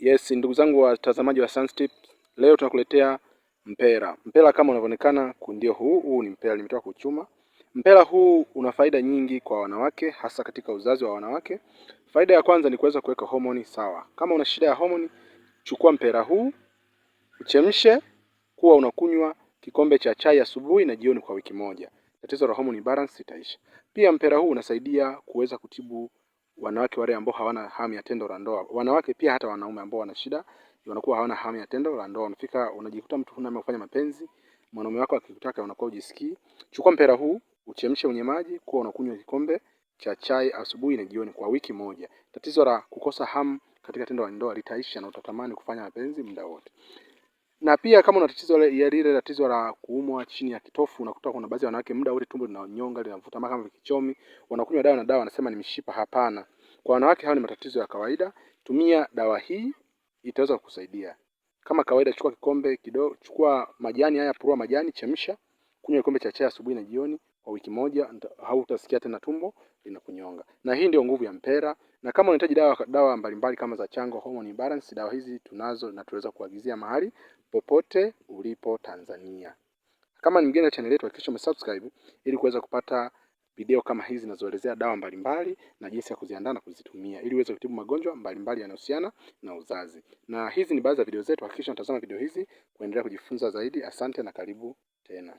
Yes, ndugu zangu watazamaji wa Sunstep, leo tunakuletea mpera. Mpera kama unavyoonekana kundio huu, huu ni mpera nimetoka kuchuma. Mpera huu una faida nyingi kwa wanawake, hasa katika uzazi wa wanawake. Faida ya kwanza ni kuweza kuweka homoni sawa. Kama una shida ya homoni, chukua mpera huu, uchemshe, kuwa unakunywa kikombe cha chai asubuhi na jioni kwa wiki moja. Tatizo la homoni balance itaisha. Pia mpera huu unasaidia kuweza kutibu wanawake wale ambao hawana hamu ya tendo la ndoa, wanawake pia hata wanaume ambao wana shida wanakuwa hawana hamu ya tendo la ndoa. Unafika unajikuta mtu huna kufanya mapenzi, mwanaume wako akikutaka unakuwa ujisikii. Chukua mpera huu uchemshe kwenye maji, kuwa unakunywa kikombe cha chai asubuhi na jioni kwa wiki moja. Tatizo la kukosa hamu katika tendo la ndoa litaisha na utatamani kufanya mapenzi muda wote. Na pia kama una tatizo ya lile tatizo la kuumwa chini ya kitofu, unakuta kuna baadhi ya wanawake muda ule tumbo linanyonga linavuta mpaka kama vikichomi wanakunywa dawa na dawa wanasema ni mishipa. Hapana, kwa wanawake hao ni matatizo ya kawaida. Tumia dawa hii itaweza kukusaidia. Kama kawaida, chukua kikombe kidogo, chukua majani haya, purua majani, chemsha, kunywa kikombe cha chai asubuhi na jioni kwa wiki moja hautasikia tena tumbo linakunyonga. Na hii ndio nguvu ya mpera. Na kama unahitaji dawa dawa mbalimbali kama za chango, hormone imbalance, dawa hizi tunazo na tunaweza kuagizia mahali popote ulipo Tanzania. Kama ni mgeni wa channel yetu, hakikisha umesubscribe ili kuweza kupata video kama hizi zinazoelezea dawa mbalimbali na jinsi ya kuziandaa na kuzitumia ili uweze kutibu magonjwa mbalimbali yanayohusiana na uzazi. Na hizi ni baadhi ya video zetu, hakikisha unatazama video hizi kuendelea kujifunza zaidi. Asante na karibu tena.